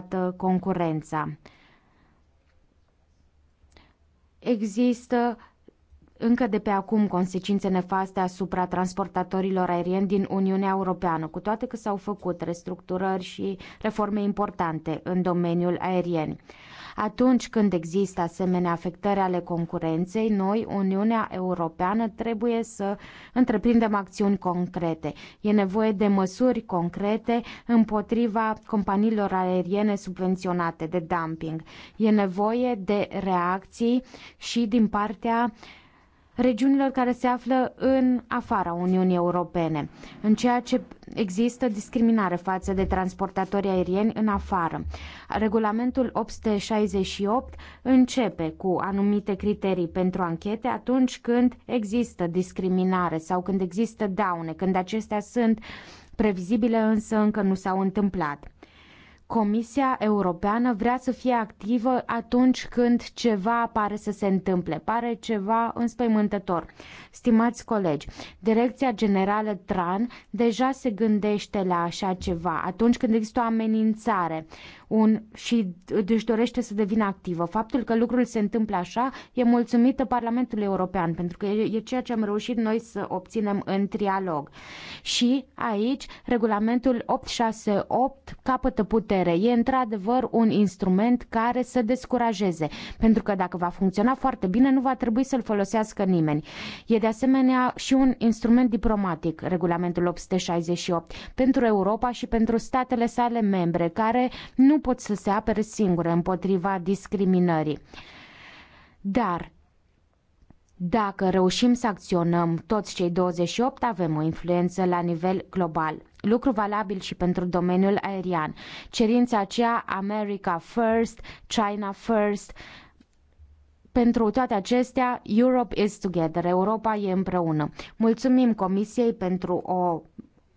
toată concurența. Există încă de pe acum consecințe nefaste asupra transportatorilor aerieni din Uniunea Europeană, cu toate că s-au făcut restructurări și reforme importante în domeniul aerien. Atunci când există asemenea afectări ale concurenței, noi, Uniunea Europeană, trebuie să întreprindem acțiuni concrete. E nevoie de măsuri concrete împotriva companiilor aeriene subvenționate de dumping. E nevoie de reacții și din partea uh, regiunilor care se află în afara Uniunii Europene, în ceea ce există discriminare față de transportatorii aerieni în afară. Regulamentul 868 începe cu anumite criterii pentru anchete atunci când există discriminare sau când există daune, când acestea sunt previzibile însă încă nu s-au întâmplat. Comisia Europeană vrea să fie activă atunci când ceva pare să se întâmple, pare ceva înspăimântător. Stimați colegi, Direcția Generală TRAN deja se gândește la așa ceva atunci când există o amenințare un, și își dorește să devină activă. Faptul că lucrul se întâmplă așa e mulțumită Parlamentului European, pentru că e, e ceea ce am reușit noi să obținem în trialog. Și aici regulamentul 868 capătă putere. E într-adevăr un instrument care să descurajeze, pentru că dacă va funcționa foarte bine, nu va trebui să-l folosească nimeni. E de asemenea și un instrument diplomatic, regulamentul 868, pentru Europa și pentru statele sale membre, care nu pot să se apere singure împotriva discriminării. Dar dacă reușim să acționăm toți cei 28, avem o influență la nivel global. Lucru valabil și pentru domeniul aerian. Cerința aceea America First, China First, pentru toate acestea, Europe is together, Europa e împreună. Mulțumim Comisiei pentru o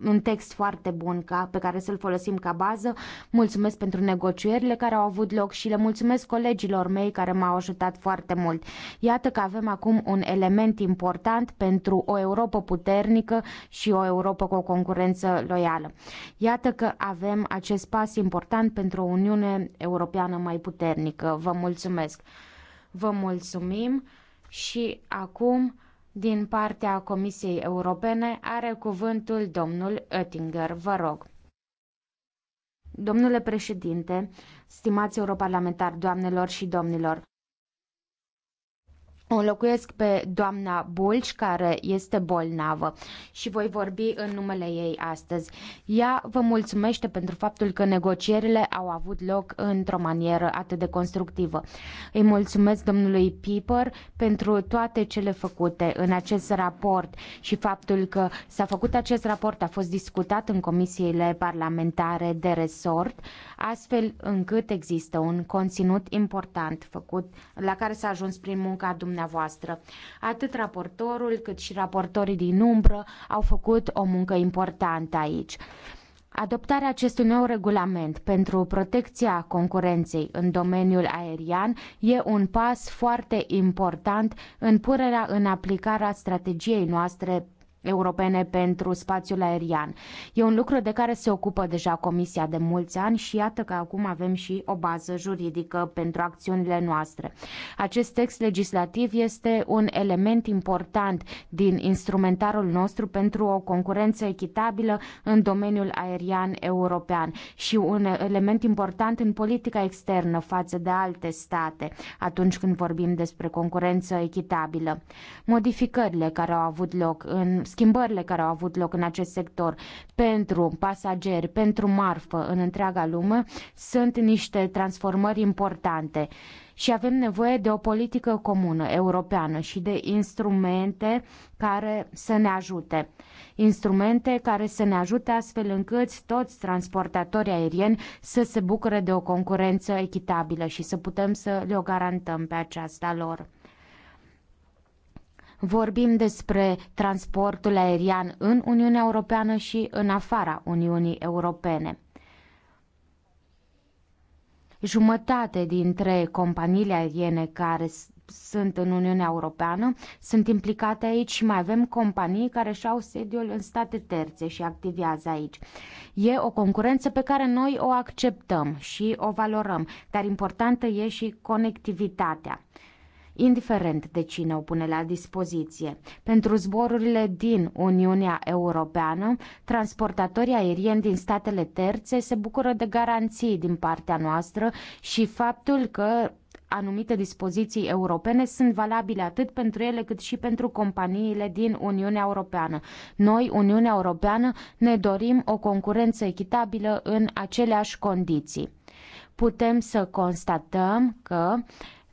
un text foarte bun ca, pe care să-l folosim ca bază. Mulțumesc pentru negocierile care au avut loc și le mulțumesc colegilor mei care m-au ajutat foarte mult. Iată că avem acum un element important pentru o Europa puternică și o Europa cu o concurență loială. Iată că avem acest pas important pentru o Uniune Europeană mai puternică. Vă mulțumesc! Vă mulțumim și acum din partea Comisiei Europene are cuvântul domnul Oettinger. Vă rog. Domnule președinte, stimați europarlamentari, doamnelor și domnilor, o înlocuiesc pe doamna Bulci, care este bolnavă și voi vorbi în numele ei astăzi. Ea vă mulțumește pentru faptul că negocierile au avut loc într-o manieră atât de constructivă. Îi mulțumesc domnului Piper pentru toate cele făcute în acest raport și faptul că s-a făcut acest raport a fost discutat în comisiile parlamentare de resort, astfel încât există un conținut important făcut la care s-a ajuns prin munca dumneavoastră dumneavoastră. Atât raportorul cât și raportorii din umbră au făcut o muncă importantă aici. Adoptarea acestui nou regulament pentru protecția concurenței în domeniul aerian e un pas foarte important în punerea în aplicarea strategiei noastre europene pentru spațiul aerian. E un lucru de care se ocupă deja Comisia de mulți ani și iată că acum avem și o bază juridică pentru acțiunile noastre. Acest text legislativ este un element important din instrumentarul nostru pentru o concurență echitabilă în domeniul aerian european și un element important în politica externă față de alte state atunci când vorbim despre concurență echitabilă. Modificările care au avut loc în schimbările care au avut loc în acest sector pentru pasageri, pentru marfă în întreaga lume, sunt niște transformări importante și avem nevoie de o politică comună europeană și de instrumente care să ne ajute. Instrumente care să ne ajute astfel încât toți transportatorii aerieni să se bucure de o concurență echitabilă și să putem să le o garantăm pe aceasta lor. Vorbim despre transportul aerian în Uniunea Europeană și în afara Uniunii Europene. Jumătate dintre companiile aeriene care sunt în Uniunea Europeană sunt implicate aici și mai avem companii care și-au sediul în state terțe și activează aici. E o concurență pe care noi o acceptăm și o valorăm, dar importantă e și conectivitatea indiferent de cine o pune la dispoziție. Pentru zborurile din Uniunea Europeană, transportatorii aerieni din statele terțe se bucură de garanții din partea noastră și faptul că anumite dispoziții europene sunt valabile atât pentru ele cât și pentru companiile din Uniunea Europeană. Noi, Uniunea Europeană, ne dorim o concurență echitabilă în aceleași condiții. Putem să constatăm că uh,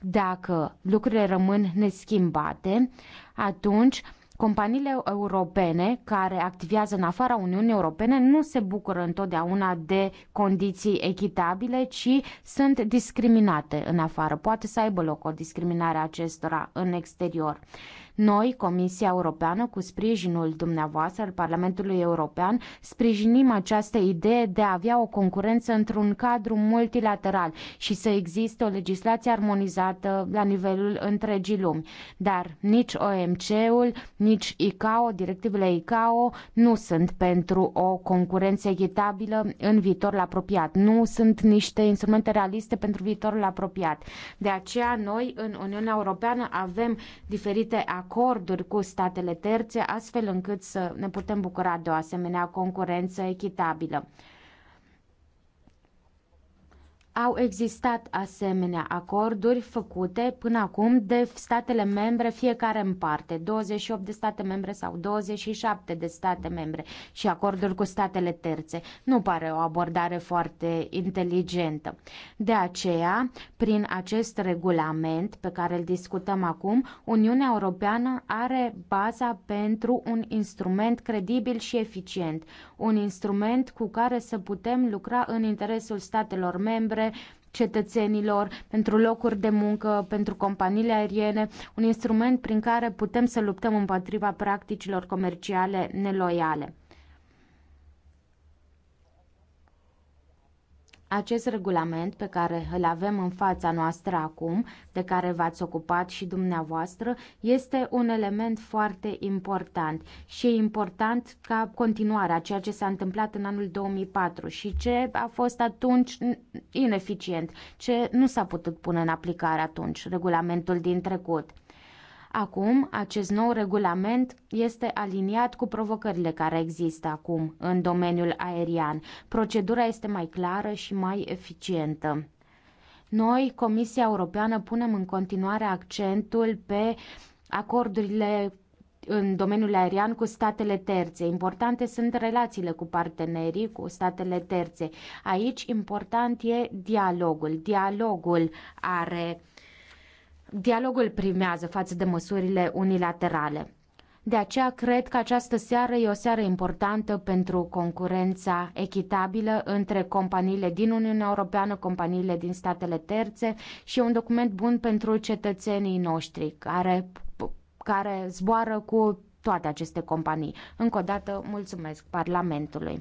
dacă lucrurile rămân neschimbate, atunci companiile europene care activează în afara Uniunii Europene nu se bucură întotdeauna de condiții echitabile, ci sunt discriminate în afară. Poate să aibă loc o discriminare a acestora în exterior. Noi, Comisia Europeană, cu sprijinul dumneavoastră al Parlamentului European, sprijinim această idee de a avea o concurență într-un cadru multilateral și să existe o legislație armonizată la nivelul întregii lumi. Dar nici OMC-ul, nici ICAO, directivele ICAO, nu sunt pentru o concurență echitabilă în viitorul apropiat. Nu sunt niște instrumente realiste pentru viitorul apropiat. De aceea, noi, în Uniunea Europeană, avem diferite acorduri acorduri cu statele terțe, astfel încât să ne putem bucura de o asemenea concurență echitabilă au existat asemenea acorduri făcute până acum de statele membre, fiecare în parte, 28 de state membre sau 27 de state membre și acorduri cu statele terțe. Nu pare o abordare foarte inteligentă. De aceea, prin acest regulament pe care îl discutăm acum, Uniunea Europeană are baza pentru un instrument credibil și eficient, un instrument cu care să putem lucra în interesul statelor membre cetățenilor, pentru locuri de muncă, pentru companiile aeriene, un instrument prin care putem să luptăm împotriva practicilor comerciale neloiale. Acest regulament pe care îl avem în fața noastră acum, de care v-ați ocupat și dumneavoastră, este un element foarte important și e important ca continuarea ceea ce s-a întâmplat în anul 2004 și ce a fost atunci ineficient, ce nu s-a putut pune în aplicare atunci, regulamentul din trecut. Acum, acest nou regulament este aliniat cu provocările care există acum în domeniul aerian. Procedura este mai clară și mai eficientă. Noi, Comisia Europeană, punem în continuare accentul pe acordurile în domeniul aerian cu statele terțe. Importante sunt relațiile cu partenerii, cu statele terțe. Aici important e dialogul. Dialogul are uh, Dialogul primează față de măsurile unilaterale. De aceea cred că această seară e o seară importantă pentru concurența echitabilă între companiile din Uniunea Europeană, companiile din statele terțe și e un document bun pentru cetățenii noștri care, care zboară cu toate aceste companii. Încă o dată mulțumesc Parlamentului.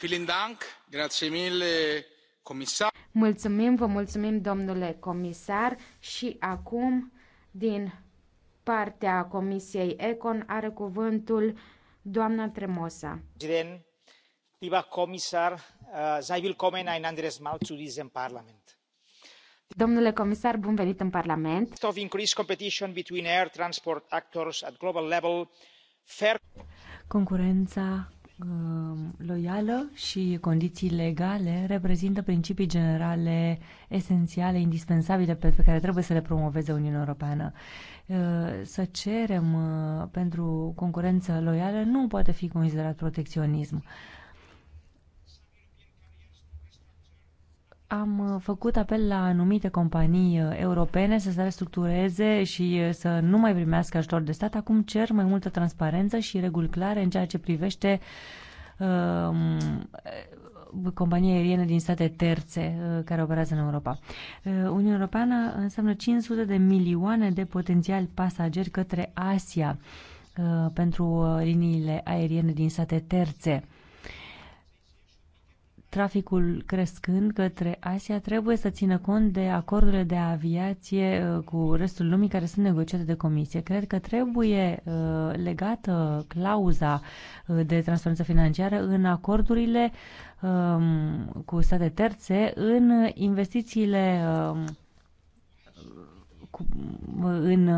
Vielen Dank, grazie mille comisar. Mulțumim, vă mulțumim, domnule comisar. Și acum, din partea Comisiei Econ, are cuvântul doamna Tremosa. President, tiba comisar, uh, willkommen ein anderes Mal zu diesem Parlament. Domnule comisar, bun venit în Parlament. Of increased competition between air transport actors at global level, fair... Concurența Um, loială și condiții legale reprezintă principii generale esențiale, indispensabile pe care trebuie să le promoveze Uniunea Europeană. Uh, să cerem uh, pentru concurență loială nu poate fi considerat protecționism. am uh, făcut apel la anumite companii uh, europene să se restructureze și uh, să nu mai primească ajutor de stat. Acum cer mai multă transparență și reguli clare în ceea ce privește um, companii aeriene din state terțe care operează în Europa. Uniunea Europeană înseamnă 500 de milioane de potențiali pasageri către Asia pentru liniile aeriene din state terțe traficul crescând către Asia, trebuie să țină cont de acordurile de aviație uh, cu restul lumii care sunt negociate de comisie. Cred că trebuie uh, legată clauza uh, de transparență financiară în acordurile um, cu state terțe, în investițiile um, în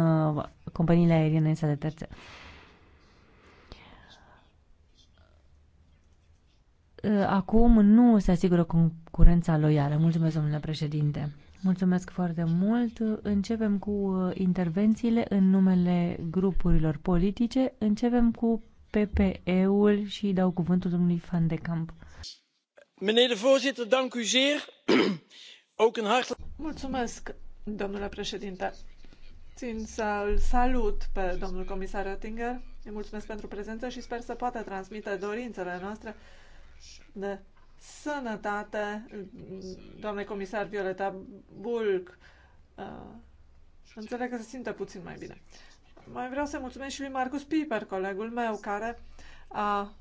companiile aeriene în state terțe. Eh, acum nu se asigură concurența loială. Mulțumesc, domnule președinte. Mulțumesc foarte mult. Începem cu eh, intervențiile în numele grupurilor politice. Începem cu PPE-ul și dau cuvântul domnului Van de Camp. Mulțumesc, domnule președinte. Țin să salut pe domnul comisar Oettinger. Îi mulțumesc pentru prezență și sper să poată transmite dorințele noastre de sănătate, doamne comisar Violeta Bulc, uh, înțeleg că se simte puțin mai bine. Mai vreau să mulțumesc și lui Marcus Piper, colegul meu, care a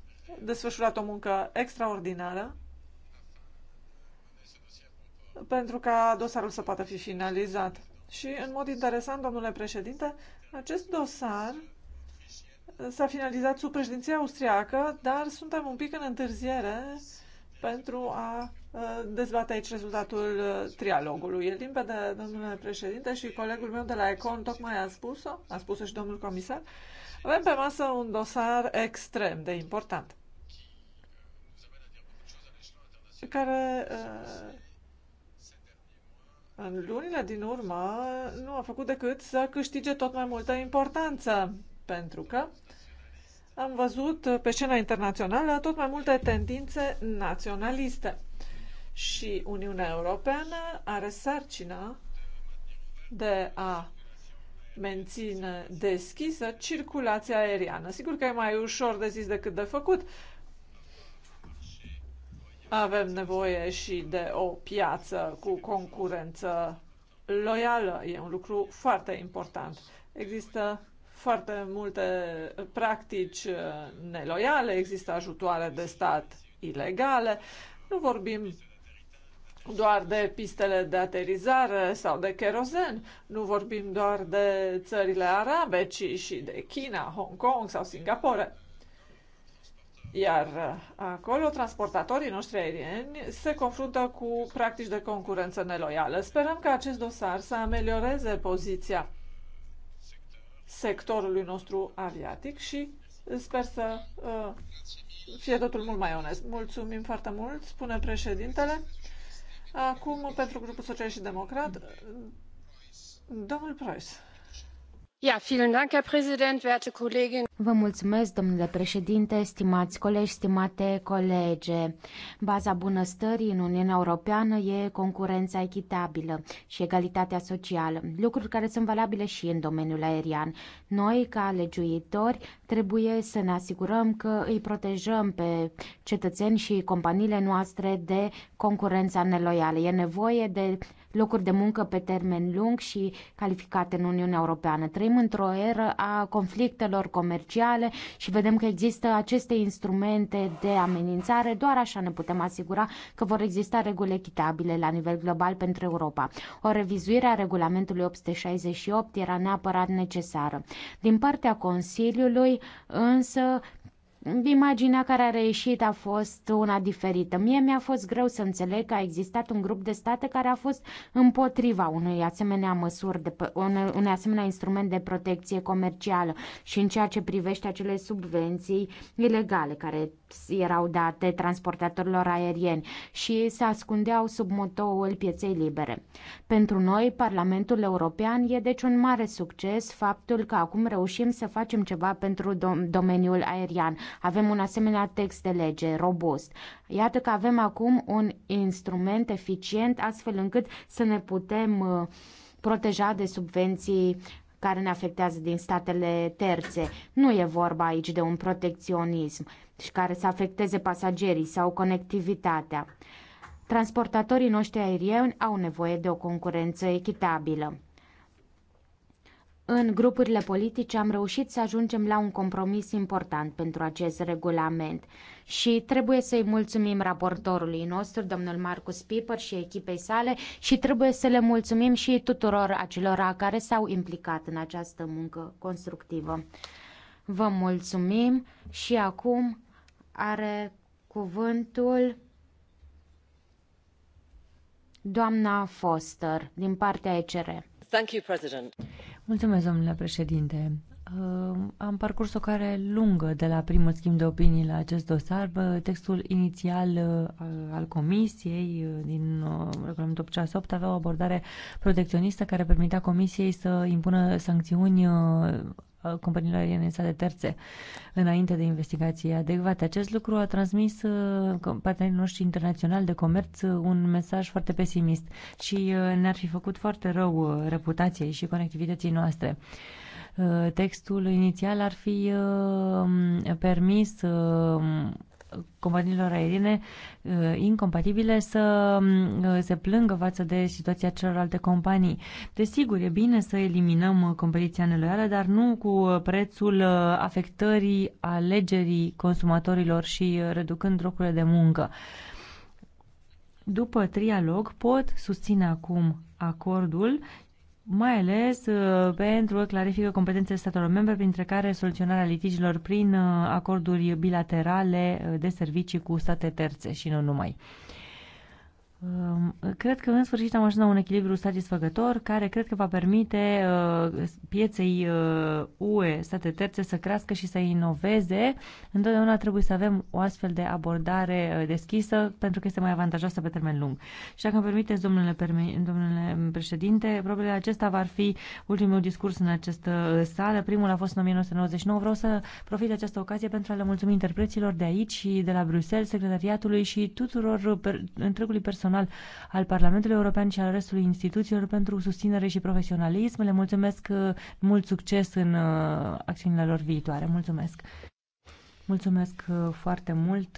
desfășurat o muncă extraordinară pentru ca dosarul să poată fi finalizat. Și, în mod interesant, domnule președinte, acest dosar s-a finalizat sub președinția austriacă, dar suntem un pic în întârziere pentru a uh, dezbate aici rezultatul uh, trialogului. E limpede, domnule președinte, și colegul meu de la Econ tocmai a spus-o, a spus-o și domnul comisar, avem pe masă un dosar extrem de important care uh, în lunile din urmă nu a făcut decât să câștige tot mai multă importanță pentru că am văzut pe scena internațională tot mai multe tendințe naționaliste și Uniunea Europeană are sarcina de a menține deschisă circulația aeriană. Sigur că e mai ușor de zis decât de făcut. Avem nevoie și de o piață cu concurență loială. E un lucru foarte important. Există foarte multe practici uh, neloiale, există ajutoare de stat ilegale. Nu vorbim doar de pistele de aterizare sau de cherozen, nu vorbim doar de țările arabe, ci și de China, Hong Kong sau Singapore. Iar uh, acolo transportatorii noștri aerieni se confruntă cu practici de concurență neloială. Sperăm că acest dosar să amelioreze poziția sectorului nostru aviatic și sper să uh, fie totul mult mai onest. Mulțumim foarte mult, spune președintele. Acum, pentru grupul Social și Democrat, domnul Price. Vă mulțumesc, domnule președinte, stimați colegi, stimate colege. Baza bunăstării în Uniunea Europeană e concurența echitabilă și egalitatea socială, lucruri care sunt valabile și în domeniul aerian. Noi, ca legiuitori, trebuie să ne asigurăm că îi protejăm pe cetățeni și companiile noastre de concurența neloială. E nevoie de locuri de muncă pe termen lung și calificate în Uniunea Europeană. Trăim într-o eră a conflictelor comerciale și vedem că există aceste instrumente de amenințare. Doar așa ne putem asigura că vor exista reguli echitabile la nivel global pentru Europa. O revizuire a regulamentului 868 era neapărat necesară. Din partea Consiliului, însă, Imaginea care a reieșit a fost una diferită. Mie mi-a fost greu să înțeleg că a existat un grup de state care a fost împotriva unei asemenea măsuri, de, un asemenea instrument de protecție comercială și în ceea ce privește acele subvenții ilegale care erau date transportatorilor aerieni și se ascundeau sub motoul pieței libere. Pentru noi, Parlamentul European e deci un mare succes faptul că acum reușim să facem ceva pentru dom- domeniul aerian. Avem un asemenea text de lege robust. Iată că avem acum un instrument eficient astfel încât să ne putem uh, proteja de subvenții care ne afectează din statele terțe. Nu e vorba aici de un protecționism și care să afecteze pasagerii sau conectivitatea. Transportatorii noștri aerieni au nevoie de o concurență echitabilă. În grupurile politice am reușit să ajungem la un compromis important pentru acest regulament și trebuie să-i mulțumim raportorului nostru, domnul Marcus Piper și echipei sale și trebuie să le mulțumim și tuturor acelora care s-au implicat în această muncă constructivă. Vă mulțumim și acum are cuvântul doamna Foster din partea ECR. Thank you, President. Mulțumesc, domnule președinte. Uh, am parcurs o care lungă de la primul schimb de opinii la acest dosar. Textul inițial uh, al comisiei uh, din regulamentul 868 avea o abordare protecționistă care permitea comisiei să impună sancțiuni companiilor aeriene în state terțe înainte de investigații adecvate. Acest lucru a transmis uh, partenerii noștri internaționali de comerț uh, un mesaj foarte pesimist și uh, ne-ar fi făcut foarte rău reputației și conectivității noastre textul inițial ar fi permis companiilor aeriene uh, incompatibile să mm, uh, se plângă față de situația celorlalte companii. Desigur, e bine să eliminăm uh, competiția neloială, dar nu cu prețul afectării alegerii consumatorilor și reducând locurile de muncă. După trialog pot susține acum acordul mai ales uh, pentru că clarifică competențele statelor membre, printre care soluționarea litigilor prin uh, acorduri bilaterale uh, de servicii cu state terțe și nu numai. Um, cred că în sfârșit am ajuns la un echilibru satisfăcător care cred că va permite uh, pieței UE, uh, state terțe, să crească și să inoveze. Întotdeauna trebuie să avem o astfel de abordare uh, deschisă pentru că este mai avantajoasă pe termen lung. Și dacă îmi permiteți, domnule, domnule președinte, probabil acesta va fi ultimul discurs în această sală. Primul a fost în 1999. Vreau să profit de această ocazie pentru a le mulțumi interpreților de aici și de la Bruxelles, secretariatului și tuturor întregului personal personal al Parlamentului European și al restului instituțiilor pentru susținere și profesionalism. Le mulțumesc uh, mult succes în uh, acțiunile lor viitoare. Mulțumesc! Mulțumesc uh, foarte mult!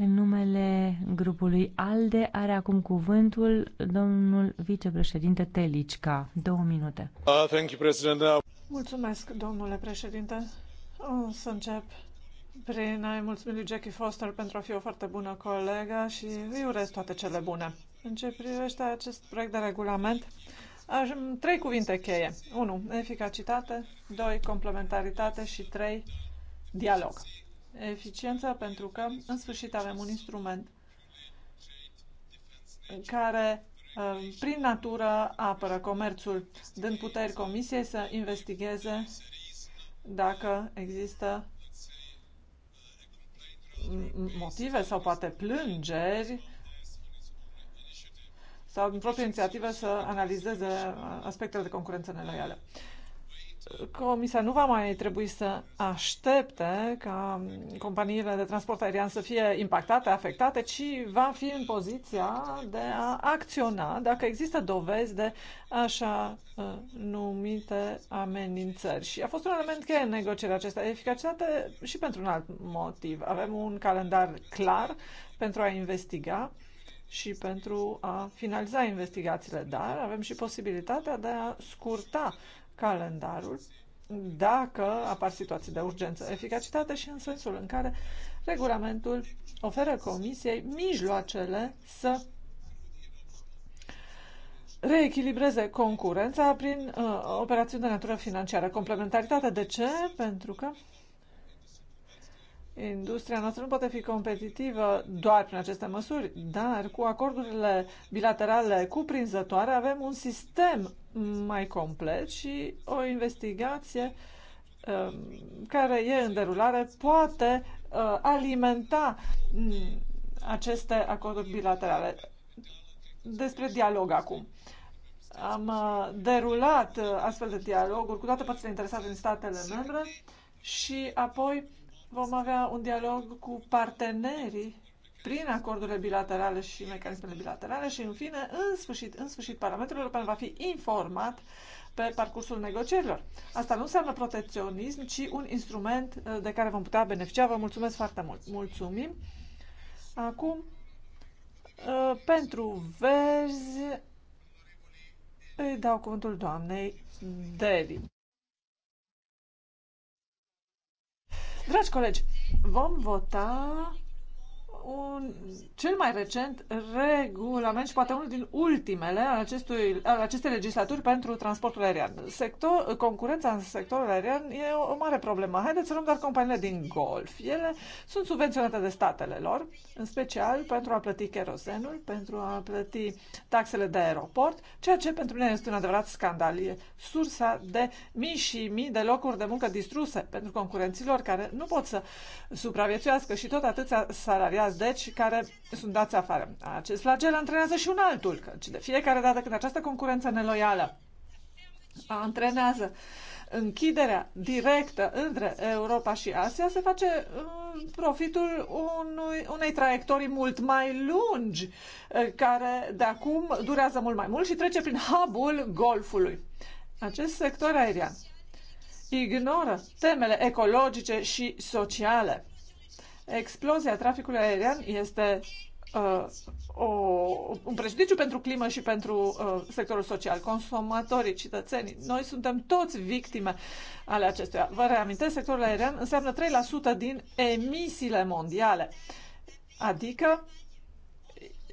În numele grupului ALDE are acum cuvântul domnul vicepreședinte Telicca. Două minute. Uh, thank you, Mulțumesc, domnule președinte. O să încep prin a-i mulțumi lui Jackie Foster pentru a fi o foarte bună colegă și îi urez toate cele bune. În ce privește acest proiect de regulament, aș, trei cuvinte cheie. 1. Eficacitate. 2. Complementaritate. Și 3. Dialog. Eficiență pentru că, în sfârșit, avem un instrument care, uh, prin natură, apără comerțul, dând puteri comisiei să investigheze dacă există motive sau poate plângeri sau în proprie inițiativă să analizeze aspectele de concurență neloială. Comisia nu va mai trebui să aștepte ca companiile de transport aerian să fie impactate, afectate, ci va fi în poziția de a acționa dacă există dovezi de așa uh, numite amenințări. Și a fost un element cheie în negocierea acesta. Eficacitate și pentru un alt motiv. Avem un calendar clar pentru a investiga și pentru a finaliza investigațiile, dar avem și posibilitatea de a scurta calendarul dacă apar situații de urgență. Eficacitate și în sensul în care regulamentul oferă Comisiei mijloacele să reechilibreze concurența prin uh, operațiuni de natură financiară. Complementaritate de ce? Pentru că Industria noastră nu poate fi competitivă doar prin aceste măsuri, dar cu acordurile bilaterale cuprinzătoare avem un sistem mai complet și o investigație um, care e în derulare poate uh, alimenta mm, aceste acorduri bilaterale. Despre dialog acum. Am uh, derulat uh, astfel de dialoguri cu toate părțile interesate din statele membre și apoi Vom avea un dialog cu partenerii prin acordurile bilaterale și mecanismele bilaterale și, în fine, în sfârșit, în sfârșit, Parlamentul European va fi informat pe parcursul negocierilor. Asta nu înseamnă protecționism, ci un instrument uh, de care vom putea beneficia. Vă mulțumesc foarte mult. Mulțumim. Acum, uh, pentru verzi, îi dau cuvântul doamnei Deli. Dragi colegi, vom vota un, cel mai recent regulament și poate unul din ultimele al, acestui, al acestei legislaturi pentru transportul aerian. Sector, concurența în sectorul aerian e o, o mare problemă. Haideți să luăm doar companiile din golf. Ele sunt subvenționate de statele lor, în special pentru a plăti cherosenul, pentru a plăti taxele de aeroport, ceea ce pentru mine este un adevărat scandal. E sursa de mii și mii de locuri de muncă distruse pentru concurenților care nu pot să supraviețuiască și tot atâția salariați deci, care sunt dați afară. Acest flagel antrenează și un altul, căci de fiecare dată când această concurență neloială antrenează închiderea directă între Europa și Asia, se face mm, profitul unui, unei traiectorii mult mai lungi, eh, care de acum durează mult mai mult și trece prin hubul Golfului. Acest sector aerian ignoră temele ecologice și sociale Explozia traficului aerian este uh, o, un prejudiciu pentru climă și pentru uh, sectorul social, consumatorii, cetățenii. Noi suntem toți victime ale acestuia. Vă reamintesc, sectorul aerian înseamnă 3% din emisiile mondiale, adică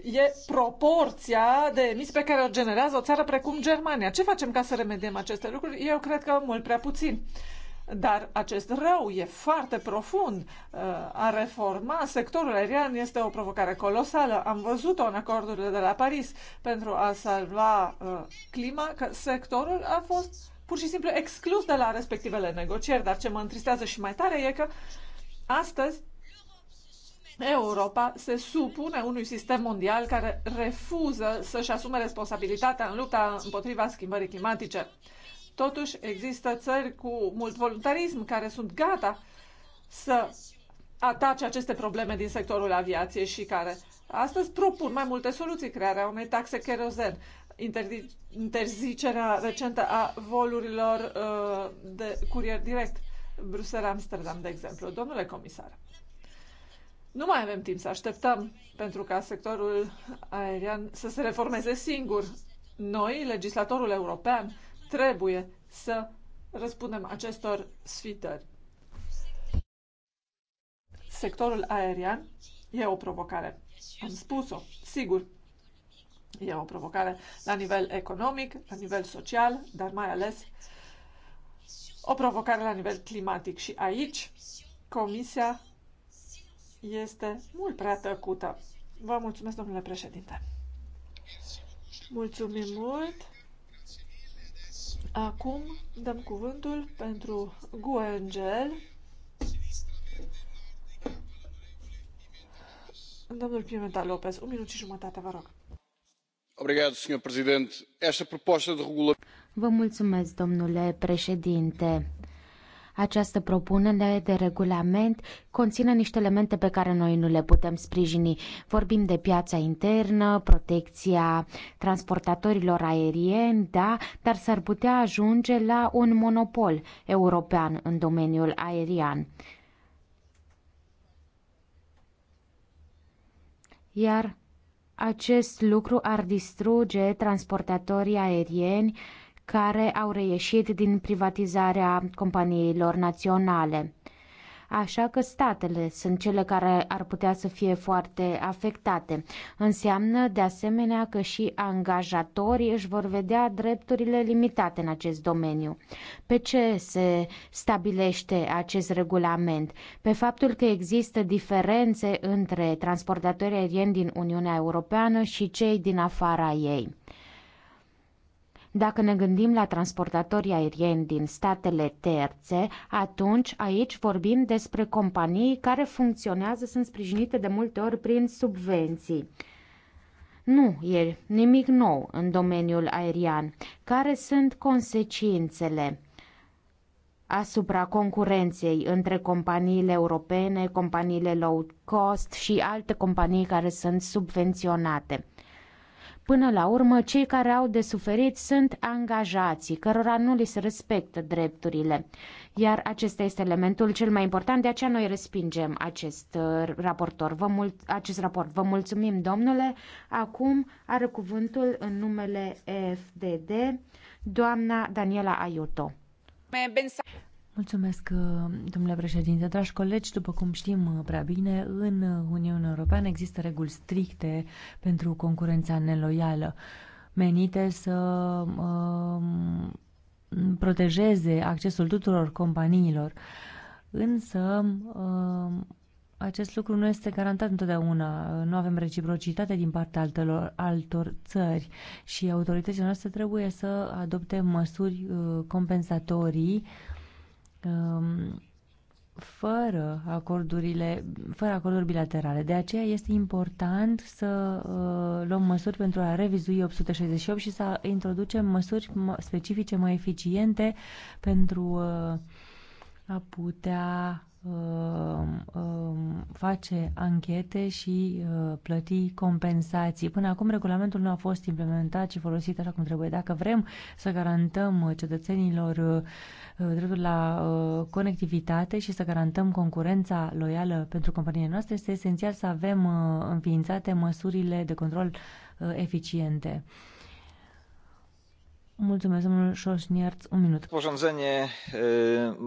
e proporția de emisii pe care o generează o țară precum Germania. Ce facem ca să remediem aceste lucruri? Eu cred că mult prea puțin. Uh, dar acest rău e foarte profund. Uh, a reforma sectorul aerian este o provocare colosală. Am văzut-o în acordurile de la Paris. Pentru a salva uh, clima, că sectorul a fost pur și simplu exclus de la respectivele negocieri. Dar ce mă întristează și mai tare e că astăzi Europa se supune unui sistem mondial care refuză să-și asume responsabilitatea în lupta împotriva schimbării climatice. Totuși, există țări cu mult voluntarism care sunt gata să atace aceste probleme din sectorul aviației și care astăzi propun mai multe soluții, crearea unei taxe cherozen, interzicerea recentă a volurilor uh, de curier direct, Bruxelles-Amsterdam, de exemplu. Domnule comisar, nu mai avem timp să așteptăm pentru ca sectorul aerian să se reformeze singur. Noi, legislatorul european, Trebuie să răspundem acestor sfidări. Sectorul aerian e o provocare. Am spus-o, sigur. E o provocare la nivel economic, la nivel social, dar mai ales o provocare la nivel climatic. Și aici Comisia este mult prea tăcută. Vă mulțumesc, domnule președinte. Mulțumim mult. Acum dăm cuvântul pentru Guengel. Domnul Pimenta Lopez, un minut și jumătate, vă rog. Vă mulțumesc, domnule președinte. Această propunere de regulament conține niște elemente pe care noi nu le putem sprijini. Vorbim de piața internă, protecția transportatorilor aerieni, da, dar s-ar putea ajunge la un monopol european în domeniul aerian. Iar acest lucru ar distruge transportatorii aerieni uh, care au reieșit din privatizarea companiilor naționale. Așa că statele sunt cele care ar putea să fie foarte afectate. Înseamnă de asemenea că și angajatorii își vor vedea drepturile limitate în acest domeniu. Pe ce se stabilește acest regulament? Pe faptul că există diferențe între transportatorii aerieni din Uniunea Europeană și cei din afara ei. Dacă ne gândim la transportatorii aerieni din statele terțe, atunci aici vorbim despre companii care funcționează, sunt sprijinite de multe ori prin subvenții. Nu e nimic nou în domeniul aerian. Care sunt consecințele? asupra concurenței între companiile europene, companiile low cost și alte companii care sunt subvenționate. Până la urmă, cei care au de suferit sunt angajații, cărora nu li se respectă drepturile. Iar acesta este elementul cel mai important, de aceea noi respingem acest, uh, raportor. Vă mul- acest raport. Vă mulțumim, domnule. Acum are cuvântul în numele FDD, doamna Daniela Aiuto. Mulțumesc, uh, domnule președinte. Dragi colegi, după cum știm uh, prea bine, în uh, Uniunea Europeană există reguli stricte pentru concurența neloială, menite să uh, protejeze accesul tuturor companiilor. Însă, uh, acest lucru nu este garantat întotdeauna. Nu avem reciprocitate din partea altelor, altor țări și autoritățile noastre trebuie să adopte măsuri compensatorii uh, Ehm, fără, acordurile, fără acorduri bilaterale. De aceea este important să uh, luăm măsuri pentru a revizui 868 și să introducem măsuri specifice mai eficiente pentru uh, a putea uh, um, face anchete și plăti compensații. Până acum regulamentul nu a fost implementat și folosit așa cum trebuie. Dacă vrem să garantăm cetățenilor Uh, dreptul la uh, conectivitate și să garantăm concurența loială pentru companiile noastre, este esențial să avem uh, înființate măsurile de control eficiente. Mulțumesc, domnul Șoșnierț. Un minut. Porządzenie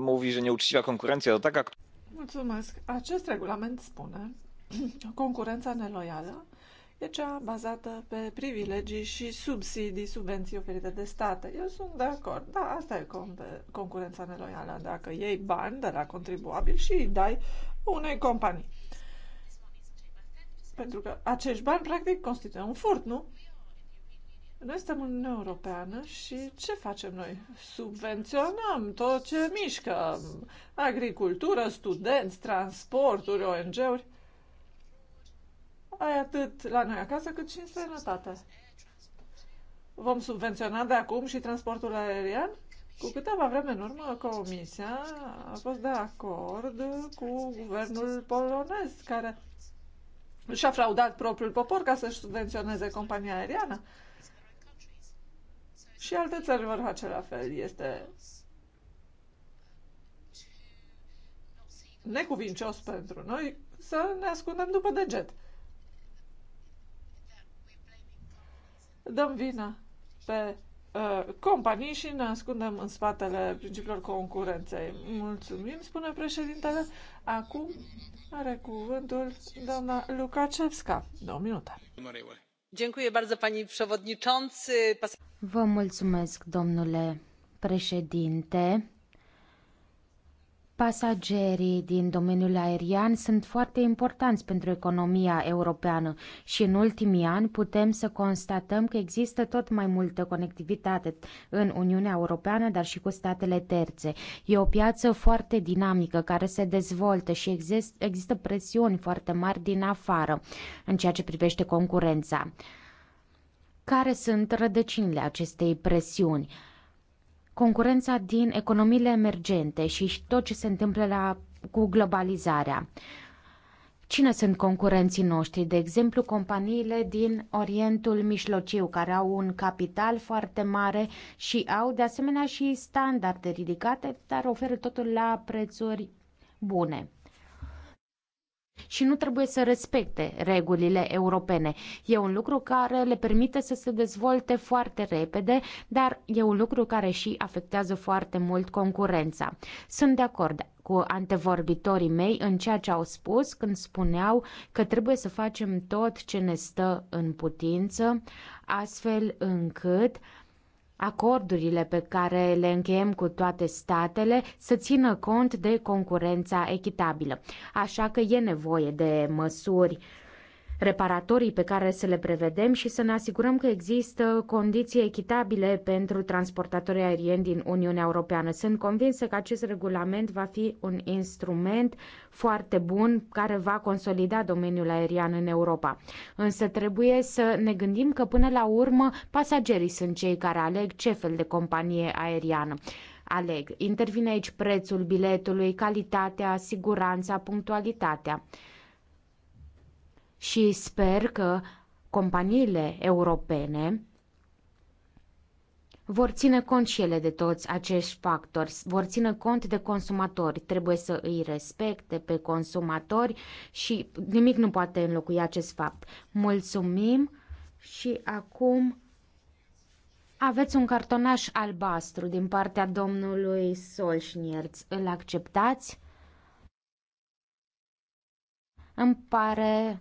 mówi, że nieuczciwa konkurencja to taka... Mulțumesc. Acest regulament spune concurența neloială e cea bazată pe privilegii și subsidii, subvenții oferite de state. Eu sunt de acord. Da, asta e concurența neloială. Dacă iei bani de la contribuabil și îi dai unei companii. Pentru că acești bani, practic, constituie un furt, nu? Noi suntem în Uniunea Europeană și ce facem noi? Subvenționăm tot ce mișcă. Agricultură, studenți, transporturi, ONG-uri ai atât la noi acasă cât și în străinătate. Vom subvenționa de acum și transportul aerian? Cu câteva vreme în urmă, Comisia a fost de acord cu guvernul polonez, care și-a fraudat propriul popor ca să-și subvenționeze compania aeriană. Și alte țări vor face la fel. Este necuvincios pentru noi să ne ascundem după deget. dăm vina pe uh, companii și ne ascundem în spatele principiilor concurenței. Mulțumim, spune președintele. Acum are cuvântul doamna Lukaczewska. Două minute. Vă mulțumesc, domnule președinte. Pasagerii din domeniul aerian sunt foarte importanți pentru economia europeană și în ultimii ani putem să constatăm că există tot mai multă conectivitate în Uniunea Europeană, dar și cu statele terțe. E o piață foarte dinamică care se dezvoltă și exist- există presiuni foarte mari din afară în ceea ce privește concurența. Care sunt rădăcinile acestei presiuni? concurența din economiile emergente și tot ce se întâmplă la, cu globalizarea. Cine sunt concurenții noștri? De exemplu, companiile din Orientul Mijlociu, care au un capital foarte mare și au de asemenea și standarde ridicate, dar oferă totul la prețuri bune și nu trebuie să respecte regulile europene. E un lucru care le permite să se dezvolte foarte repede, dar e un lucru care și afectează foarte mult concurența. Sunt de acord cu antevorbitorii mei în ceea ce au spus când spuneau că trebuie să facem tot ce ne stă în putință, astfel încât uh, acordurile pe care le încheiem cu toate statele să țină cont de concurența echitabilă. Așa că e nevoie de măsuri reparatorii pe care să le prevedem și să ne asigurăm că există condiții echitabile pentru transportatorii aerieni din Uniunea Europeană. Sunt convinsă că acest regulament va fi un instrument foarte bun care va consolida domeniul aerian în Europa. Însă trebuie să ne gândim că până la urmă pasagerii sunt cei care aleg ce fel de companie aeriană aleg. Intervine aici prețul biletului, calitatea, siguranța, punctualitatea și sper că companiile europene vor ține cont și ele de toți acești factori, vor ține cont de consumatori, trebuie să îi respecte pe consumatori și nimic nu poate înlocui acest fapt. Mulțumim și acum aveți un cartonaș albastru din partea domnului Solșnierț. Îl acceptați? Îmi pare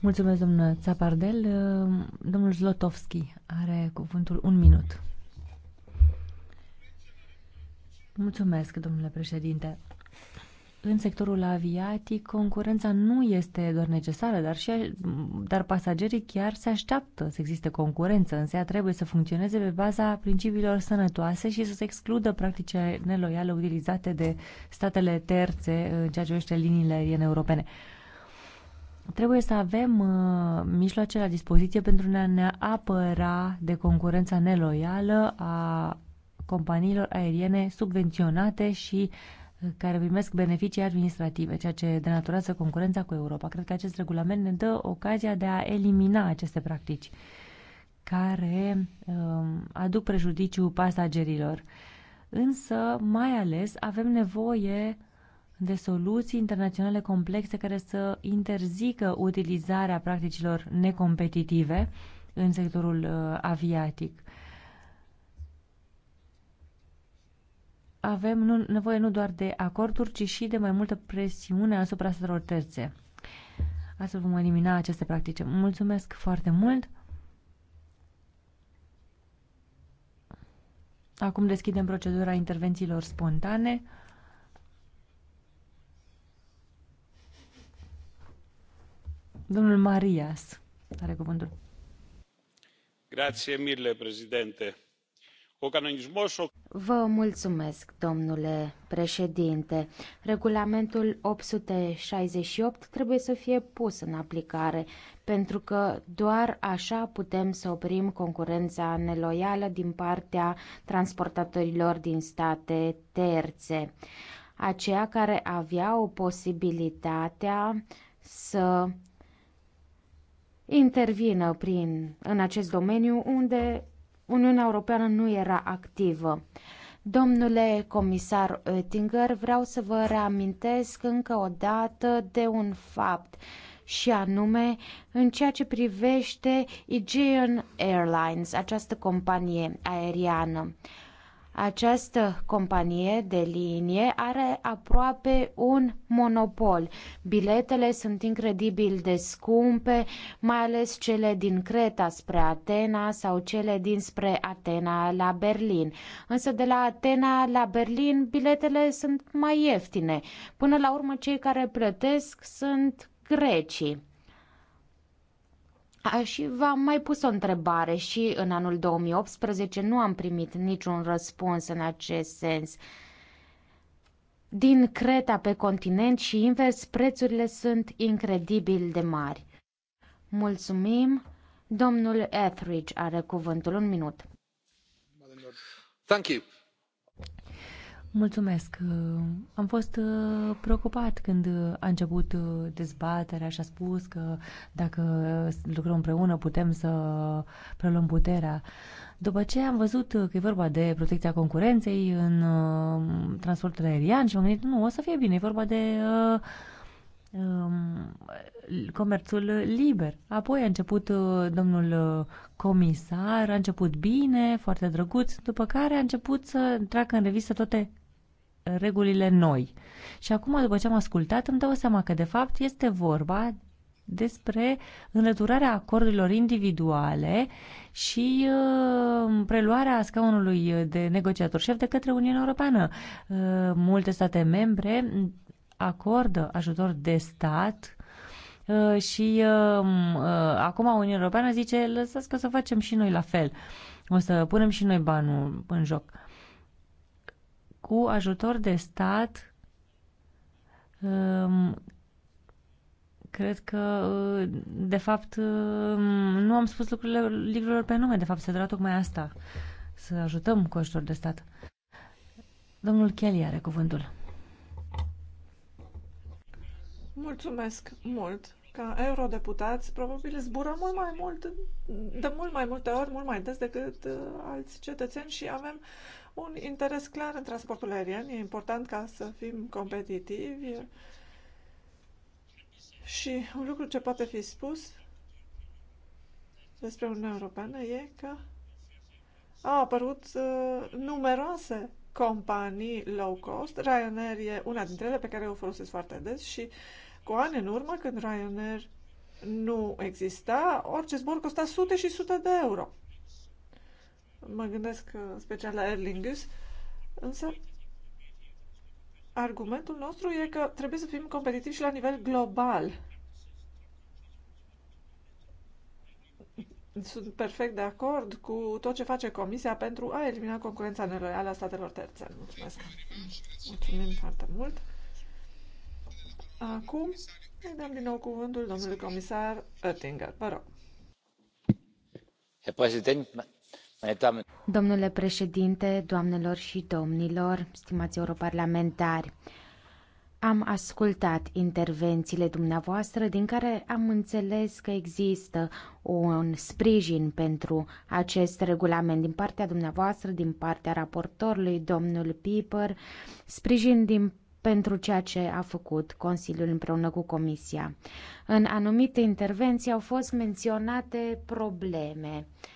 Mulțumesc, domnule Țapardel. Domnul Zlotovski are cuvântul un minut. Mulțumesc, domnule președinte. În sectorul aviatic, concurența nu este doar necesară, dar, și, dar pasagerii chiar se așteaptă să existe concurență, însă ea trebuie să funcționeze pe baza principiilor sănătoase și să se excludă practicile neloiale utilizate de statele terțe în ceea ce privește liniile aeriene europene. Trebuie să avem uh, mijloace la dispoziție pentru a ne apăra de concurența neloială a companiilor aeriene subvenționate și uh, care primesc beneficii administrative, ceea ce denaturează concurența cu Europa. Cred că acest regulament ne dă ocazia de a elimina aceste practici care um, aduc prejudiciu pasagerilor. Însă, mai ales, avem nevoie de soluții internaționale complexe care să interzică utilizarea practicilor necompetitive în sectorul uh, aviatic. Avem nu, nevoie nu doar de acorduri, ci și de mai multă presiune asupra statelor terțe. Astfel vom elimina aceste practici. Mulțumesc foarte mult! Acum deschidem procedura intervențiilor spontane. Domnul președinte. Vă mulțumesc, domnule președinte. Regulamentul 868 trebuie să fie pus în aplicare, pentru că doar așa putem să oprim concurența neloială din partea transportatorilor din state terțe, aceia care aveau posibilitatea să intervină prin, în acest domeniu unde Uniunea Europeană nu era activă. Domnule comisar Oettinger, vreau să vă reamintesc încă o dată de un fapt și anume în ceea ce privește Aegean Airlines, această companie aeriană. Această companie de linie are aproape un monopol. Biletele sunt incredibil de scumpe, mai ales cele din Creta spre Atena sau cele dinspre Atena la Berlin. Însă de la Atena la Berlin biletele sunt mai ieftine. Până la urmă cei care plătesc sunt grecii și v-am mai pus o întrebare și în anul 2018 nu am primit niciun răspuns în acest sens. Din Creta pe continent și invers, prețurile sunt incredibil de mari. Mulțumim. Domnul Etheridge are cuvântul un minut. Thank you. Mulțumesc. Uh, am fost uh, preocupat când uh, a început dezbaterea și a spus că dacă lucrăm împreună putem să preluăm puterea. După ce am văzut că e vorba de protecția concurenței în transportul aerian și m-am gândit, nu, o să fie bine, e vorba de um, comerțul liber. Apoi a început domnul comisar, a început bine, foarte drăguț, după care a început să treacă în revistă toate regulile noi. Și acum, după ce am ascultat, îmi dau seama că, de fapt, este vorba despre înlăturarea acordurilor individuale și uh, preluarea scaunului de negociator șef de către Uniunea Europeană. Uh, multe state membre acordă ajutor de stat uh, și uh, uh, acum Uniunea Europeană zice lăsați că să facem și noi la fel. O să punem și noi banul în joc. Uh, cu ajutor de stat um, cred că uh, de fapt um, nu am spus lucrurile livrurilor pe nume, de fapt se dorea tocmai asta să ajutăm cu ajutor de stat Domnul Kelly are cuvântul Mulțumesc mult ca eurodeputați, probabil zburăm mult mai mult, de mult mai multe ori, mult mai des decât uh, alți cetățeni și avem un interes clar în transportul aerian. E important ca să fim competitivi și un lucru ce poate fi spus despre Uniunea Europeană e că au apărut uh, numeroase companii low cost. Ryanair e una dintre ele pe care eu o folosesc foarte des și cu ani în urmă, când Ryanair nu exista, orice zbor costa sute și sute de euro mă gândesc uh, special la Erlingus, însă argumentul nostru e că trebuie să fim competitivi și la nivel global. Sunt perfect de acord cu tot ce face Comisia pentru a elimina concurența neloială a statelor terțe. Mulțumesc! Mulțumim foarte mult! Acum îi dăm din nou cuvântul domnului comisar Oettinger. Vă rog! Herr Präsident, Domnule președinte, doamnelor și domnilor, stimați europarlamentari, am ascultat intervențiile dumneavoastră din care am înțeles că există un sprijin pentru acest regulament din partea dumneavoastră, din partea raportorului, domnul Piper, sprijin din pentru ceea ce a făcut Consiliul împreună cu Comisia. În anumite intervenții au fost menționate probleme. Uh,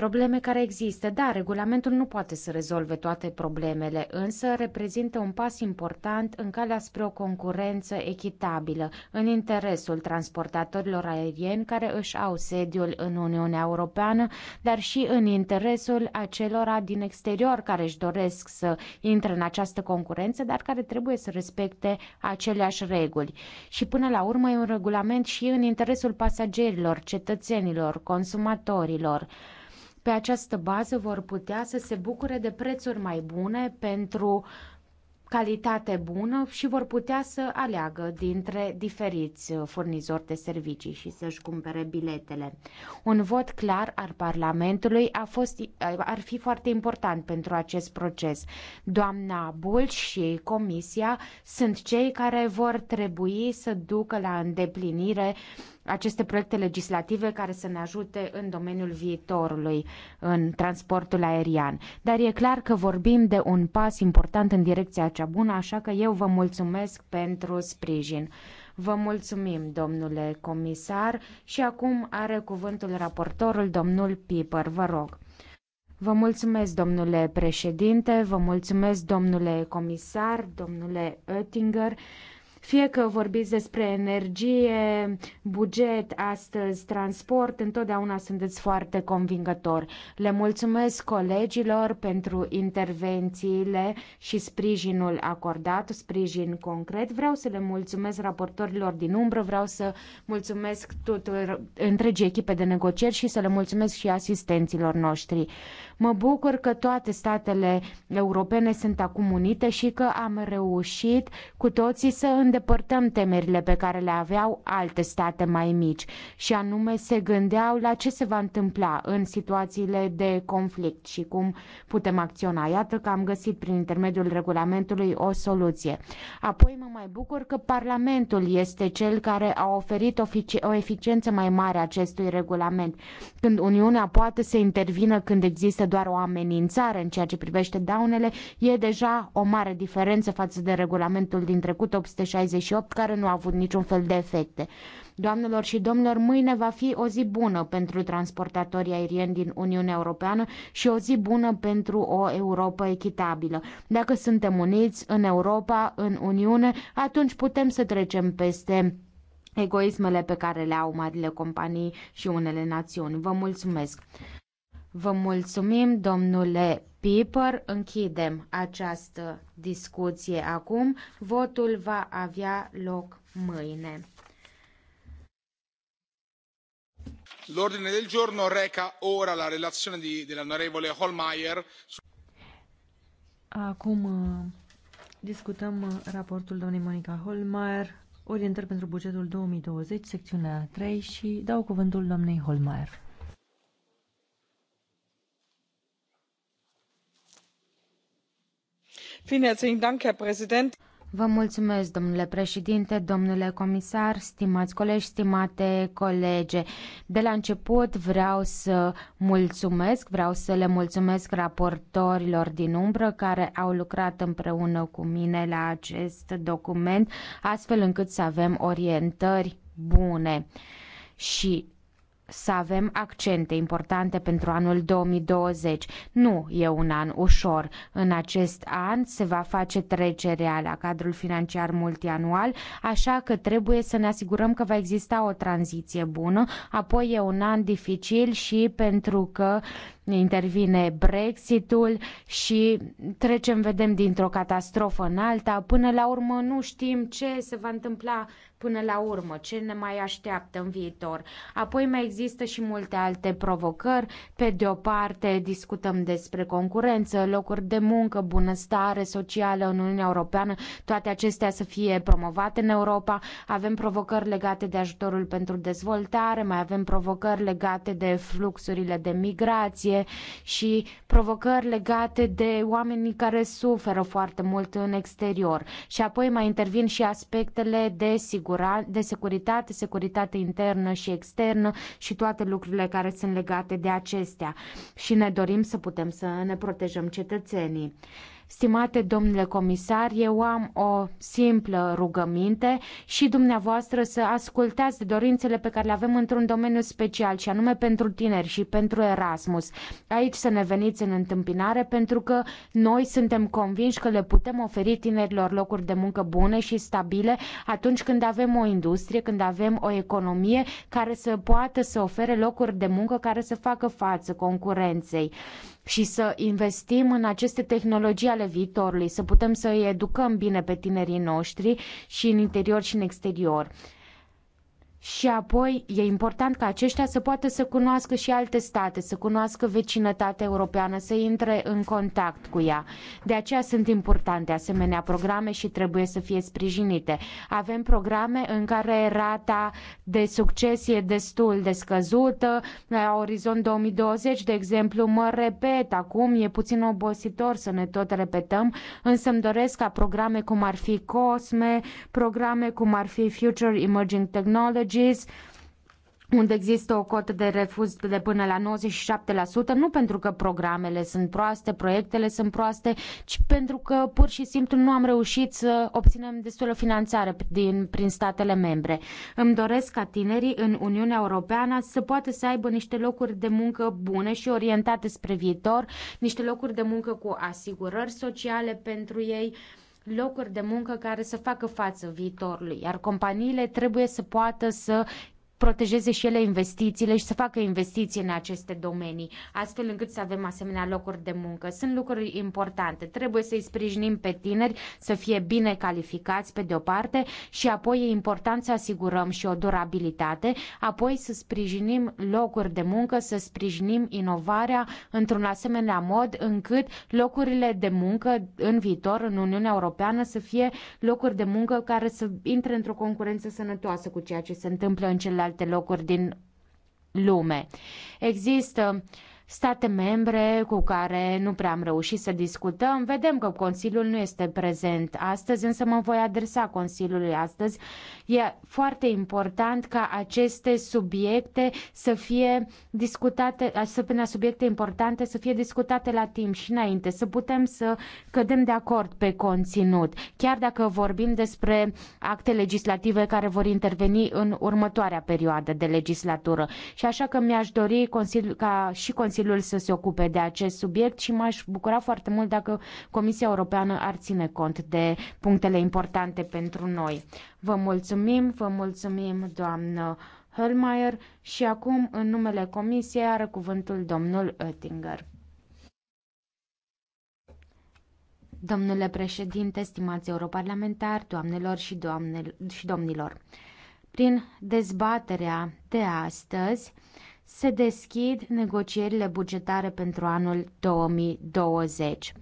probleme care există. Da, regulamentul nu poate să rezolve toate problemele, însă reprezintă un pas important în calea spre o concurență echitabilă, în interesul transportatorilor aerieni care își au sediul în Uniunea Europeană, dar și în interesul acelora din exterior care își doresc să intre în această concurență, dar care trebuie să respecte aceleași reguli. Și până la urmă e un regulament și în interesul pasagerilor, cetățenilor, consumatorilor. Pe această bază vor putea să se bucure de prețuri mai bune pentru calitate bună și vor putea să aleagă dintre diferiți furnizori de servicii și să-și cumpere biletele. Un vot clar al Parlamentului a fost, ar fi foarte important pentru acest proces. Doamna Bulș și Comisia sunt cei care vor trebui să ducă la îndeplinire uh, aceste proiecte legislative care să ne ajute în domeniul viitorului, în transportul aerian. Dar e clar că vorbim de un pas important în direcția cea bună, așa că eu vă mulțumesc pentru sprijin. Vă mulțumim, domnule comisar, și acum are cuvântul raportorul, domnul Piper, vă rog. Vă mulțumesc, domnule președinte, vă mulțumesc, domnule comisar, domnule Oettinger. Fie că vorbiți despre energie, buget, astăzi transport, întotdeauna sunteți foarte convingător. Le mulțumesc colegilor pentru intervențiile și sprijinul acordat, sprijin concret. Vreau să le mulțumesc raportorilor din umbră, vreau să mulțumesc tuturor întregii echipe de negocieri și să le mulțumesc și asistenților noștri. Mă bucur că toate statele europene sunt acum unite și că am reușit cu toții să îndepărtăm temerile pe care le aveau alte state mai mici și anume se gândeau la ce se va întâmpla în situațiile de conflict și cum putem acționa. Iată că am găsit prin intermediul regulamentului o soluție. Apoi mă mai bucur că Parlamentul este cel care a oferit o eficiență mai mare acestui regulament, când Uniunea poate să intervină când există doar o amenințare în ceea ce privește daunele, e deja o mare diferență față de regulamentul din trecut 868 care nu a avut niciun fel de efecte. Doamnelor și domnilor, mâine va fi o zi bună pentru transportatorii aerieni din Uniunea Europeană și o zi bună pentru o Europa echitabilă. Dacă suntem uniți în Europa, în Uniune, atunci putem să trecem peste egoismele pe care le au marile companii și unele națiuni. Vă mulțumesc! Vă mulțumim, domnule Piper. Închidem această discuție acum. Votul va avea loc mâine. L'ordine del giorno reca ora la relazione di, dell'onorevole Holmeier. Acum uh, discutăm uh, raportul doamnei Monica Holmeier, orientări pentru bugetul 2020, secțiunea 3 și dau cuvântul doamnei Holmeier. Vă mulțumesc, domnule președinte, domnule comisar, stimați colegi, stimate colege. De la început vreau să mulțumesc, vreau să le mulțumesc raportorilor din umbră care au lucrat împreună cu mine la acest document, astfel încât să avem orientări bune. Și să avem accente importante pentru anul 2020. Nu e un an ușor. În acest an se va face trecerea la cadrul financiar multianual, așa că trebuie să ne asigurăm că va exista o tranziție bună. Apoi e un an dificil și pentru că intervine Brexitul și trecem, vedem dintr-o catastrofă în alta. Până la urmă nu știm ce se va întâmpla până la urmă, ce ne mai așteaptă în viitor. Apoi mai există și multe alte provocări. Pe de o parte discutăm despre concurență, locuri de muncă, bunăstare socială în Uniunea Europeană, toate acestea să fie promovate în Europa. Avem provocări legate de ajutorul pentru dezvoltare, mai avem provocări legate de fluxurile de migrație și provocări legate de oamenii care suferă foarte mult în exterior. Și apoi mai intervin și aspectele de siguranță de securitate, securitate internă și externă și toate lucrurile care sunt legate de acestea. Și ne dorim să putem să ne protejăm cetățenii. Stimate domnule comisar, eu am o simplă rugăminte și dumneavoastră să ascultați dorințele pe care le avem într-un domeniu special și anume pentru tineri și pentru Erasmus. Aici să ne veniți în întâmpinare pentru că noi suntem convinși că le putem oferi tinerilor locuri de muncă bune și stabile atunci când avem o industrie, când avem o economie care să poată să ofere locuri de muncă care să facă față concurenței și să investim în aceste tehnologii ale ale viitorului, să putem să educăm bine pe tinerii noștri și în interior și în exterior. Și apoi e important ca aceștia să poată să cunoască și alte state, să cunoască vecinătatea europeană, să intre în contact cu ea. De aceea sunt importante asemenea programe și trebuie să fie sprijinite. Avem programe în care rata de succes e destul de scăzută. La Orizont 2020, de exemplu, mă repet acum, e puțin obositor să ne tot repetăm, însă îmi doresc ca programe cum ar fi COSME, programe cum ar fi Future Emerging Technology, colleges unde există o cotă de refuz de până la 97%, nu pentru că programele sunt proaste, proiectele sunt proaste, ci pentru că pur și simplu nu am reușit să obținem destulă finanțare din, prin statele membre. Îmi doresc ca tinerii în Uniunea Europeană să poată să aibă niște locuri de muncă bune și orientate spre viitor, niște locuri de muncă cu asigurări sociale pentru ei, uh, locuri de muncă care să facă față viitorului, iar companiile trebuie să poată să protejeze și ele investițiile și să facă investiții în aceste domenii, astfel încât să avem asemenea locuri de muncă. Sunt lucruri importante. Trebuie să-i sprijinim pe tineri să fie bine calificați pe de o parte și apoi e important să asigurăm și o durabilitate, apoi să sprijinim locuri de muncă, să sprijinim inovarea într-un asemenea mod încât locurile de muncă în viitor în Uniunea Europeană să fie locuri de muncă care să intre într-o concurență sănătoasă cu ceea ce se întâmplă în celelalte alte locuri din lume. Există state membre cu care nu prea am reușit să discutăm. Vedem că Consiliul nu este prezent astăzi, însă mă voi adresa Consiliului astăzi. E foarte important ca aceste subiecte să fie discutate, asemenea subiecte importante să fie discutate la timp și înainte, să putem să cădem de acord pe conținut, chiar dacă vorbim despre acte legislative care vor interveni în următoarea perioadă de legislatură. Și așa că mi-aș dori ca și Consiliul Consiliul să se ocupe de acest subiect și m-aș bucura foarte mult dacă Comisia Europeană ar ține cont de punctele importante pentru noi. Vă mulțumim, vă mulțumim, doamnă Hölmeier, și acum, în numele Comisiei, are cuvântul domnul Oettinger. Domnule președinte, stimați europarlamentari, doamnelor și, doamnelor și domnilor, prin dezbaterea de astăzi, se deschid negocierile bugetare pentru anul 2020.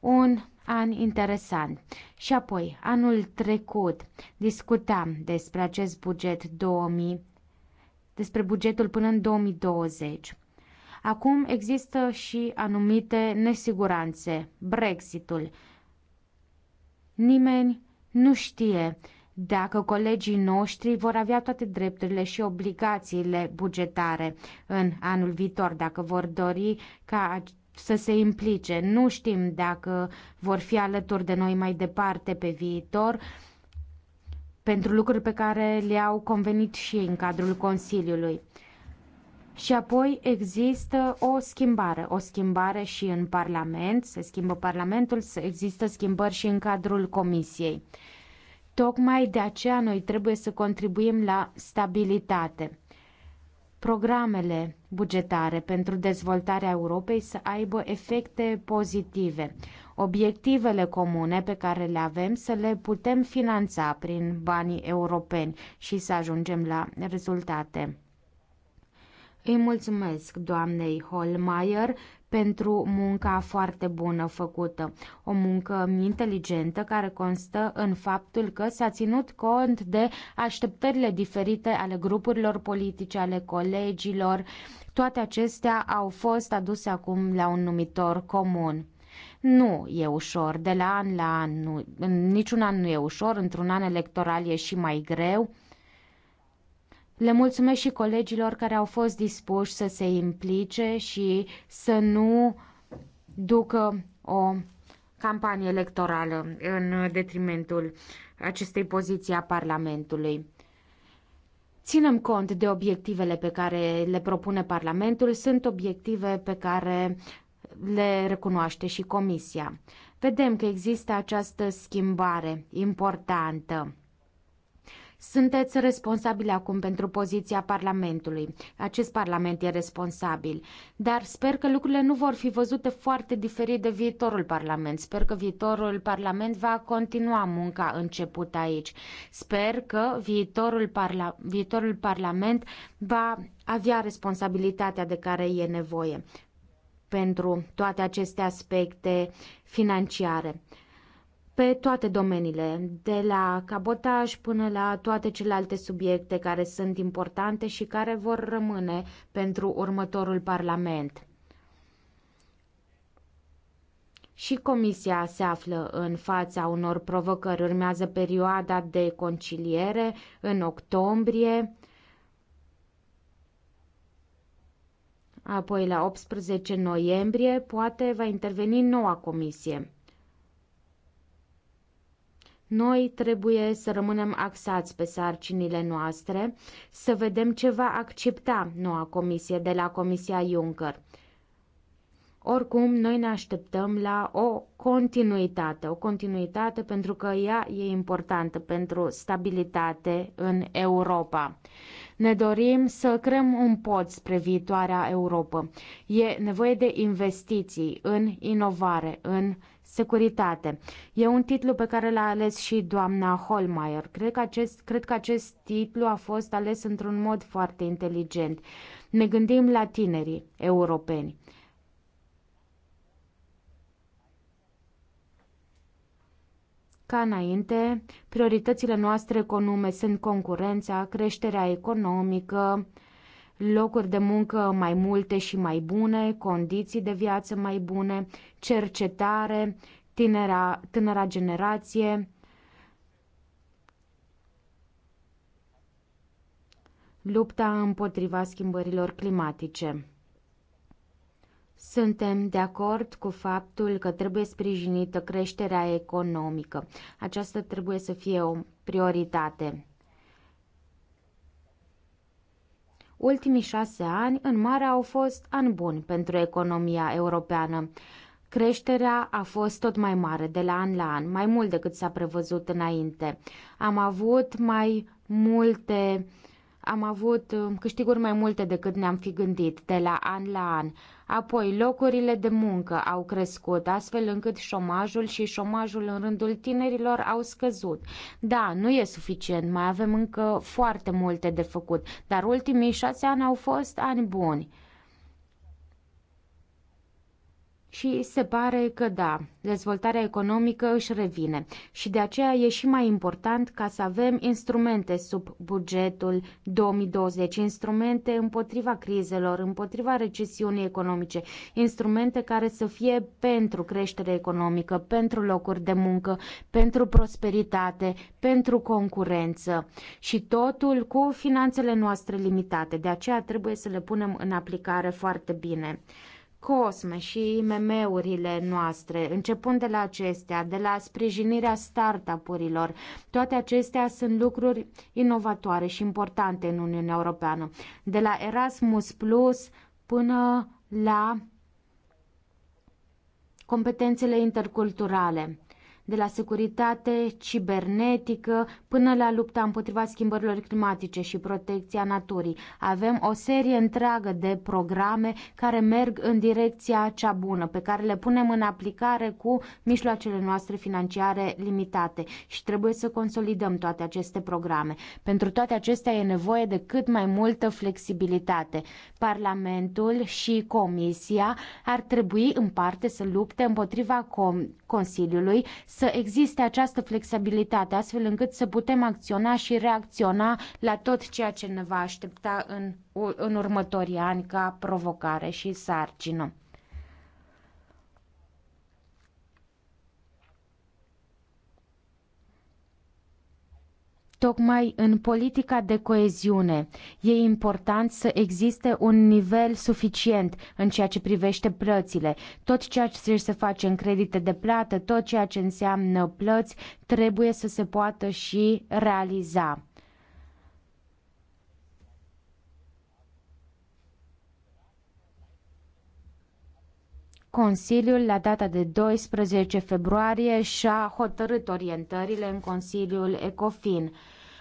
Un an interesant. Și apoi, anul trecut, discutam despre acest buget 2000, despre bugetul până în 2020. Acum există și anumite nesiguranțe. Brexitul. Nimeni nu știe dacă colegii noștri vor avea toate drepturile și obligațiile bugetare în anul viitor, dacă vor dori ca să se implice. Nu știm dacă vor fi alături de noi mai departe pe viitor pentru lucruri pe care le-au convenit și în cadrul Consiliului. Și apoi există o schimbare, o schimbare și în Parlament, se schimbă Parlamentul, există schimbări și în cadrul Comisiei. Tocmai de aceea noi trebuie să contribuim la stabilitate. Programele bugetare pentru dezvoltarea Europei să aibă efecte pozitive. Obiectivele comune pe care le avem să le putem finanța prin banii europeni și să ajungem la rezultate. Îi mulțumesc doamnei Holmeier pentru munca foarte bună făcută. O muncă inteligentă care constă în faptul că s-a ținut cont de așteptările diferite ale grupurilor politice, ale colegilor. Toate acestea au fost aduse acum la un numitor comun. Nu e ușor, de la an la an, nu, niciun an nu e ușor, într-un an electoral e și mai greu le mulțumesc și colegilor care au fost dispuși să se implice și să nu ducă o campanie electorală în detrimentul acestei poziții a Parlamentului. Ținem cont de obiectivele pe care le propune Parlamentul, sunt obiective pe care le recunoaște și Comisia. Vedem că există această schimbare importantă. Sunteți responsabili acum pentru poziția Parlamentului. Acest Parlament e responsabil. Dar sper că lucrurile nu vor fi văzute foarte diferit de viitorul Parlament. Sper că viitorul Parlament va continua munca începută aici. Sper că viitorul, parla- viitorul Parlament va avea responsabilitatea de care e nevoie pentru toate aceste aspecte financiare pe toate domeniile, de la cabotaj până la toate celelalte subiecte care sunt importante și care vor rămâne pentru următorul Parlament. Și Comisia se află în fața unor provocări. Urmează perioada de conciliere în octombrie, apoi la 18 noiembrie poate va interveni noua Comisie. Noi trebuie să rămânem axați pe sarcinile noastre, să vedem ce va accepta noua comisie de la Comisia Juncker. Oricum, noi ne așteptăm la o continuitate, o continuitate pentru că ea e importantă pentru stabilitate în Europa. Ne dorim să creăm un pod spre viitoarea Europa. E nevoie de investiții în inovare, în Securitate. E un titlu pe care l-a ales și doamna Holmeier. Cred că acest, cred că acest titlu a fost ales într-un mod foarte inteligent. Ne gândim la tinerii europeni. Ca înainte, prioritățile noastre economice sunt concurența, creșterea economică, locuri de muncă mai multe și mai bune, condiții de viață mai bune, cercetare, tinera, tânăra generație, lupta împotriva schimbărilor climatice. Suntem de acord cu faptul că trebuie sprijinită creșterea economică. Aceasta trebuie să fie o prioritate. Ultimii șase ani, în mare, au fost ani buni pentru economia europeană. Creșterea a fost tot mai mare de la an la an, mai mult decât s-a prevăzut înainte. Am avut mai multe am avut um, câștiguri mai multe decât ne-am fi gândit de la an la an. Apoi, locurile de muncă au crescut, astfel încât șomajul și șomajul în rândul tinerilor au scăzut. Da, nu e suficient, mai avem încă foarte multe de făcut, dar ultimii șase ani au fost ani buni. și se pare că da, dezvoltarea economică își revine și de aceea e și mai important ca să avem instrumente sub bugetul 2020, instrumente împotriva crizelor, împotriva recesiunii economice, instrumente care să fie pentru creștere economică, pentru locuri de muncă, pentru prosperitate, pentru concurență și totul cu finanțele noastre limitate. De aceea trebuie să le punem în aplicare foarte bine. COSME și IMM-urile noastre, începând de la acestea, de la sprijinirea startup-urilor, toate acestea sunt lucruri inovatoare și importante în Uniunea Europeană. De la Erasmus Plus până la competențele interculturale de la securitate cibernetică până la lupta împotriva schimbărilor climatice și protecția naturii. Avem o serie întreagă de programe care merg în direcția cea bună, pe care le punem în aplicare cu mijloacele noastre financiare limitate și trebuie să consolidăm toate aceste programe. Pentru toate acestea e nevoie de cât mai multă flexibilitate. Parlamentul și Comisia ar trebui în parte să lupte împotriva Consiliului să existe această flexibilitate, astfel încât să putem acționa și reacționa la tot ceea ce ne va aștepta în, în următorii ani ca provocare și sarcină. Tocmai în politica de coeziune e important să existe un nivel suficient în ceea ce privește plățile. Tot ceea ce se face în credite de plată, tot ceea ce înseamnă plăți, trebuie să se poată și realiza. Consiliul, la data de 12 februarie, și-a hotărât orientările în Consiliul ECOFIN.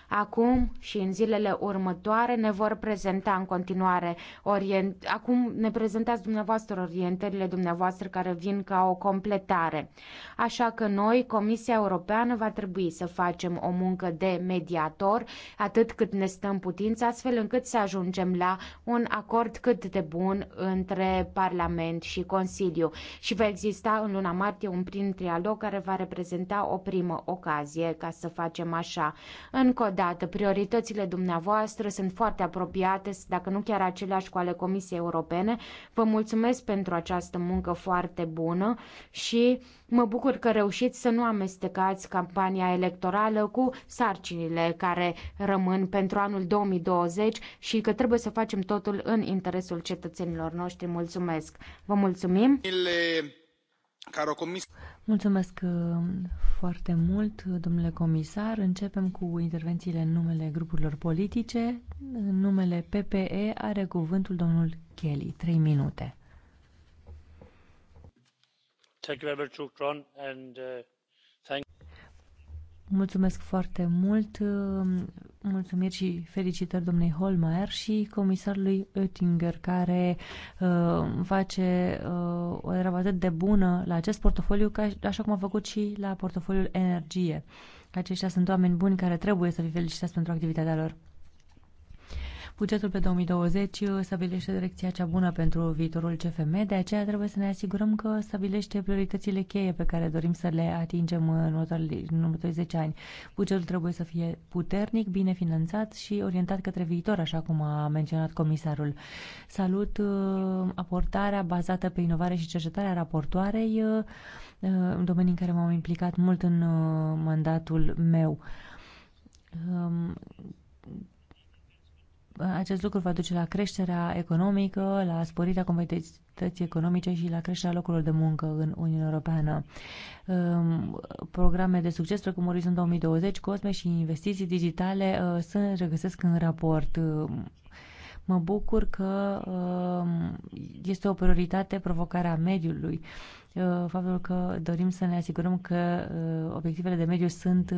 Acum și în zilele următoare ne vor prezenta în continuare orient... Acum ne prezentați dumneavoastră orientările dumneavoastră care vin ca o completare. Așa că noi, Comisia Europeană, va trebui să facem o muncă de mediator atât cât ne stă în putință, astfel încât să ajungem la un acord cât de bun între Parlament și Consiliu. Și va exista în luna martie un prim trialog care va reprezenta o primă ocazie ca să facem așa. Încă o dată, prioritățile dumneavoastră sunt foarte apropiate, dacă nu chiar aceleași cu ale Comisiei Europene. Vă mulțumesc pentru această muncă foarte bună și mă bucur că reușiți să nu amestecați campania electorală cu sarcinile care rămân pentru anul 2020 și că trebuie să facem totul în interesul cetățenilor noștri. Mulțumesc! Vă mulțumim! Mulțumesc uh, foarte mult, domnule comisar. Începem cu intervențiile în numele grupurilor politice. În numele PPE are cuvântul domnul Kelly. Trei minute. Uh, Mulțumesc foarte mult. Um, mulțumiri și felicitări domnului Holmeier și comisarului Oettinger, care uh, face uh, o treabă atât de bună la acest portofoliu, ca, așa cum a făcut și la portofoliul energie. Aceștia sunt oameni buni care trebuie să fie felicitați pentru activitatea lor. Bugetul pe 2020 uh, stabilește direcția cea bună pentru viitorul CFM, de aceea trebuie să ne asigurăm că stabilește prioritățile cheie pe care dorim să le atingem în următorii 10 ani. Bugetul trebuie să fie puternic, bine finanțat și orientat către viitor, așa cum a menționat comisarul. Salut uh, aportarea bazată pe inovare și cercetarea raportoarei, uh, în domenii în care m-am implicat mult în mandatul meu um, acest lucru va duce la creșterea economică, la sporirea competitivității economice și la creșterea locurilor de muncă în Uniunea Europeană. Ehm, programe de succes precum Orizont 2020, COSME și investiții digitale uh, se regăsesc în raport. Ehm, mă bucur că ehm, este o prioritate provocarea mediului. Faptul că dorim să ne asigurăm că obiectivele de mediu sunt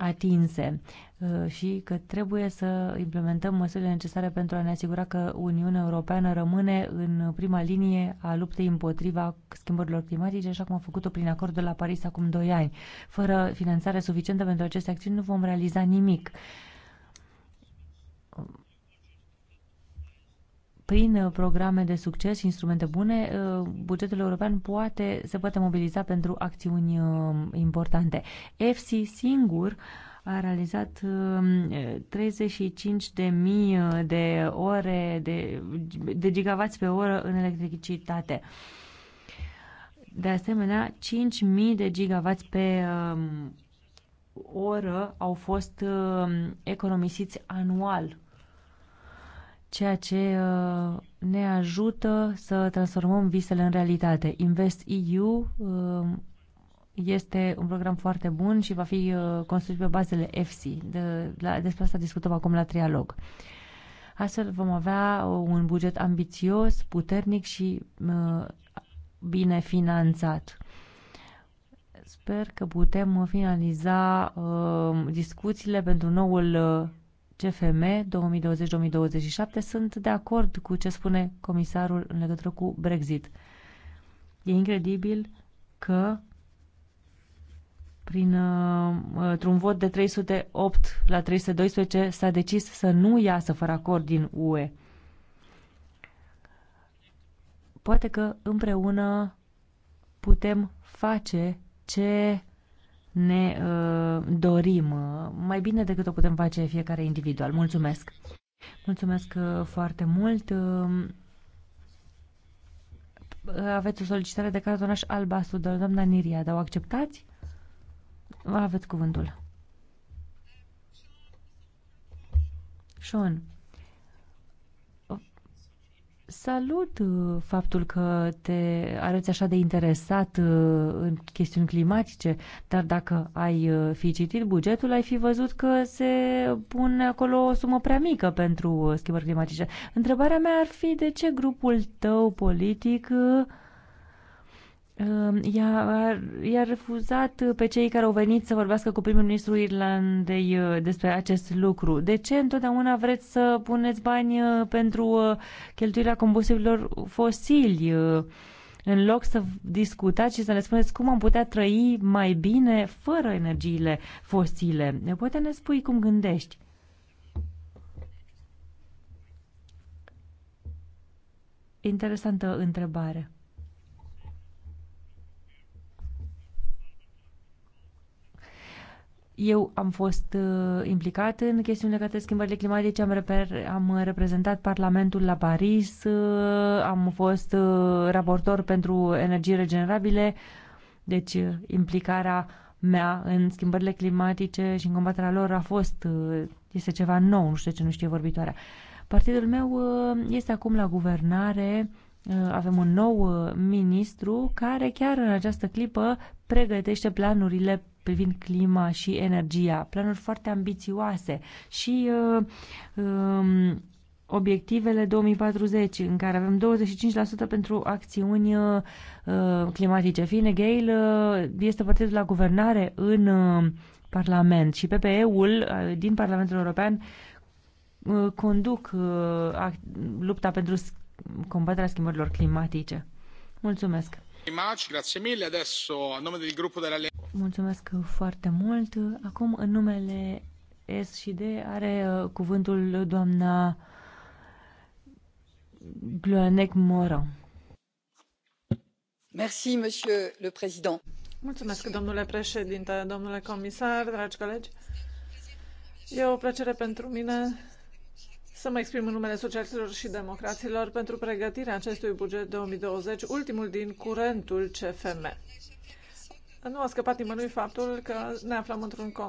atinse uh, și că trebuie să implementăm măsurile necesare pentru a ne asigura că Uniunea Europeană rămâne în prima linie a luptei împotriva schimbărilor climatice, așa cum a făcut-o prin acordul la Paris acum 2 ani. Fără finanțare suficientă pentru aceste acțiuni nu vom realiza nimic. prin uh, programe de succes și instrumente bune, uh, bugetul european poate, se poate mobiliza pentru acțiuni uh, importante. FC singur a realizat 35.000 um, de, de ore de, de gigavați pe oră în electricitate. De asemenea, 5.000 de gigavați pe um, oră au fost um, economisiți anual ceea ce uh, ne ajută să transformăm visele în realitate. Invest EU uh, este un program foarte bun și va fi uh, construit pe bazele EFSI. De, la, despre asta discutăm acum la trialog. Astfel vom avea un buget ambițios, puternic și bine finanțat. Sper că putem finaliza uh, discuțiile pentru noul uh, CFM 2020-2027 sunt de acord cu ce spune comisarul în legătură cu Brexit. E incredibil că prin uh, un vot de 308 la 312 s-a decis să nu iasă fără acord din UE. Poate că împreună putem face ce ne uh, dorim, uh, mai bine decât o putem face fiecare individual. Mulțumesc! Mulțumesc uh, foarte mult! Uh, aveți o solicitare de cartonaș albastru de la doamna Niria, dar o acceptați? Aveți cuvântul. Sean. Salut uh, faptul că te arăți așa de interesat uh, în chestiuni climatice, dar dacă ai uh, fi citit bugetul, ai fi văzut că se pune acolo o sumă prea mică pentru schimbări climatice. Întrebarea mea ar fi de ce grupul tău politic Ehm, i-a, i-a refuzat pe cei care au venit să vorbească cu primul ministru Irlandei uh, despre acest lucru. De ce întotdeauna vreți să puneți bani uh, pentru uh, cheltuirea combustibilor fosili? În loc să discutați și să ne spuneți cum am putea trăi mai bine fără energiile fosile. Poate ne spui cum gândești. Interesantă întrebare. Eu am fost uh, implicat în chestiuni legate de schimbările climatice, am, reper, am reprezentat Parlamentul la Paris, uh, am fost uh, raportor pentru energie regenerabile, deci uh, implicarea mea în schimbările climatice și în combaterea lor a fost, uh, este ceva nou, nu știu ce nu știe vorbitoarea. Partidul meu uh, este acum la guvernare, Uh, avem un nou uh, ministru care chiar în această clipă pregătește planurile privind clima și energia, planuri foarte ambițioase și uh, um, obiectivele 2040, în care avem 25% pentru acțiuni uh, uh, climatice. Fine, Gail uh, este partidul la guvernare în uh, Parlament și PPE-ul uh, din Parlamentul European uh, conduc uh, lupta pentru combaterea schimbărilor climatice. Mulțumesc! Mulțumesc foarte mult. Acum, în numele S și D, are uh, cuvântul doamna Gloanec Moran. Merci, monsieur le président. Mulțumesc, domnule președinte, domnule comisar, dragi colegi. E o plăcere pentru mine să mă exprim în numele socialiștilor și democraților pentru pregătirea acestui buget 2020, ultimul din curentul CFM. Nu a scăpat nimănui faptul că ne aflăm într-un context